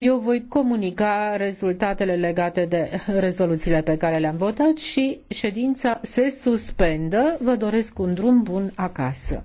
Eu voi comunica rezultatele legate de rezoluțiile pe care le-am votat și ședința se suspendă. Vă doresc un drum bun acasă.